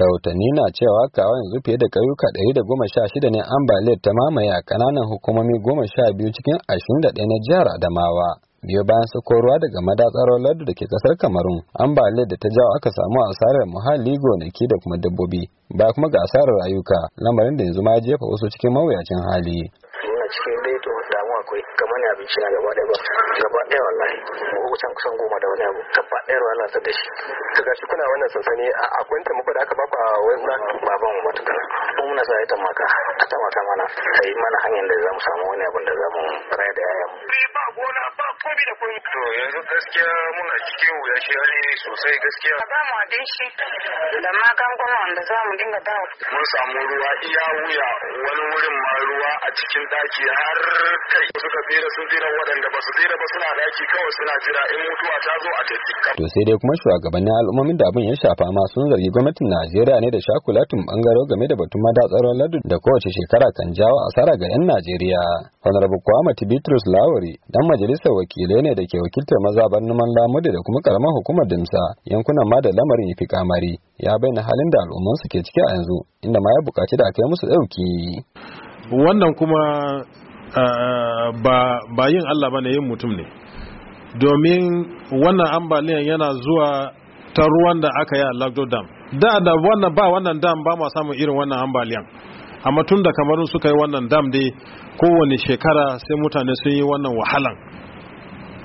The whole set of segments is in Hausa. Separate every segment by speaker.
Speaker 1: rahotanni na cewa kawo yanzu fiye da ƙauyuka ɗari da goma sha shida ne ambaliyar ta mamaye a ƙananan hukumomi goma sha biyu cikin ashirin da ɗaya na jihar adamawa biyo bayan sako ruwa daga madatsarar lardu da ke kasar kamarun ambaliyar da ta jawo aka samu asarar muhalli gonaki da kuma dabbobi ba kuma ga asarar rayuka lamarin da yanzu ma jefa wasu cikin mawuyacin hali damu akwai kamar ne abinci na gaba ɗaya ba gaba ɗaya wallahi kusan kusan goma da wani abu gaba ɗaya ruwa lasa da shi to ga shi kuna wannan sansani akwai taimako da aka baku a wani baban mu matuƙar mun muna sa ya tamaka a tamaka mana yi mana hanyar da za mu samu wani abin da za mu raya da yayan mu eh, ba gona ba komi da komi to yanzu gaskiya muna cikin wuya shi hali sosai gaskiya ba mu shi da ma
Speaker 2: gangon wanda za mu dinga dawo mun samu ruwa iya
Speaker 1: wuya wani wurin ma ruwa cikin daki har kai suka tsira sun tsira waɗanda ba su tsira ba suna daki kawai suna jira in mutuwa ta zo a tafi. To sai dai kuma shugabannin al'ummomin da abin ya shafa ma sun zargi gwamnatin Najeriya ne da shakulatun bangaro game da batun mada tsaron ladu da kowace shekara kan jawo asara ga 'yan Najeriya. Honorable Kwamati Bitrus Lawari dan majalisar wakilai ne da ke wakiltar mazabar numan lamudi da kuma karamar hukumar Dimsa yankunan ma da lamarin ya fi kamari ya bayyana halin da al'ummansu ke ciki a yanzu inda ma ya bukaci da a kai musu ɗauki. wannan kuma
Speaker 2: ba yin Allah ba ne yin mutum ne domin wannan ambaliyan yana zuwa ta ruwan da aka yi a lagdo dam da da wannan ba wannan dam ba ma samun irin wannan ambaliyan amma tun da kamarun suka yi wannan dam dai kowane shekara sai mutane sun yi wannan wahalan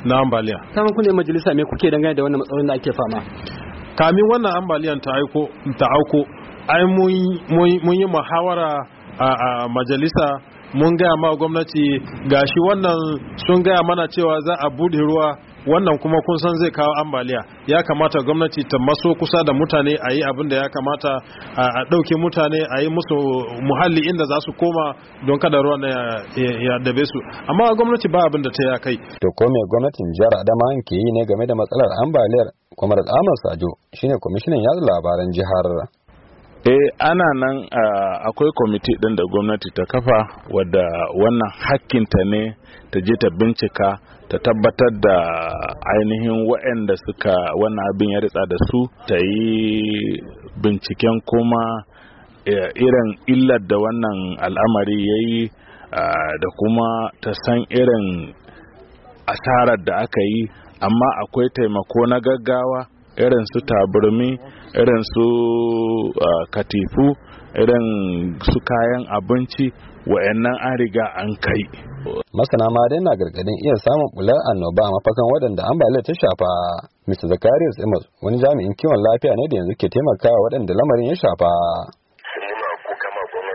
Speaker 2: na ambaliya kamar kuna majalisa me kuke dangane da wannan matsalolin da ake fama kamin wannan ambaliyan ta auko ai mun yi muhawara a majalisa mun gaya ma gwamnati gashi wannan sun gaya mana cewa za a buɗe ruwa wannan kuma kun san zai kawo ambaliya ya kamata gwamnati ta maso kusa da mutane a yi abin da ya kamata a ɗauke mutane a yi musu muhalli inda za su koma don kada ruwan ya dabe su amma gwamnati ba abin da ta ya kai
Speaker 1: to ko me gwamnatin jihar adama ke yi ne game da matsalar ambaliyar kwamar amar sajo shine kwamishinan yada labaran jihar
Speaker 3: eh ana nan uh, akwai kwamiti ɗin da gwamnati ta kafa wadda wannan hakkinta ne ta je ta bincika ta tabbatar da ainihin waɗanda suka wannan abin ya ritsa da su ta yi binciken kuma e, irin illar da wannan al'amari ya yi da kuma ta san irin asarar da aka yi amma akwai taimako na gaggawa irin su taburmi irin su katifu irin su kayan abinci wa'annan an riga
Speaker 1: an kai masana ma dai na gargadin iya samun bular annoba a mafakan waɗanda ambaliyar ta shafa mr zakarius imus wani jami'in kiwon lafiya ne da yanzu ke taimakawa waɗanda lamarin ya shafa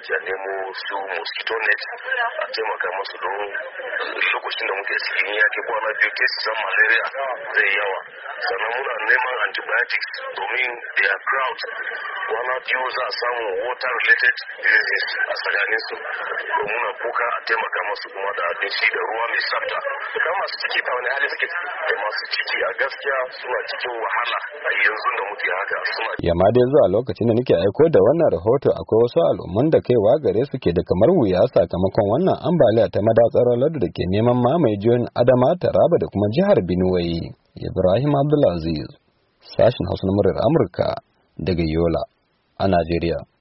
Speaker 1: gwamnati a nemo su mosquito net a taimaka musu don lokacin da muke cikin ya kwana biyu ke san malaria zai yawa sannan muna neman antibiotics domin their crowd kwana biyu za a samu water related diseases a tsakanin su don muna kuka a taimaka musu kuma da abinci da ruwa mai tsafta da masu ciki ta wani hali suke da masu ciki a gaskiya suna cikin wahala a yanzu da muke haka suna yamma dai zuwa lokacin da nake aiko da wannan rahoto akwai wasu al'umman da kai cewa gare su ke da kamar wuya sakamakon wannan ambaliya ta madatsar ladu da ke neman mamaye jiyoyin adama taraba da kuma jihar binuwai ibrahim abdulaziz sashen hausa na murar amurka daga yola a najeriya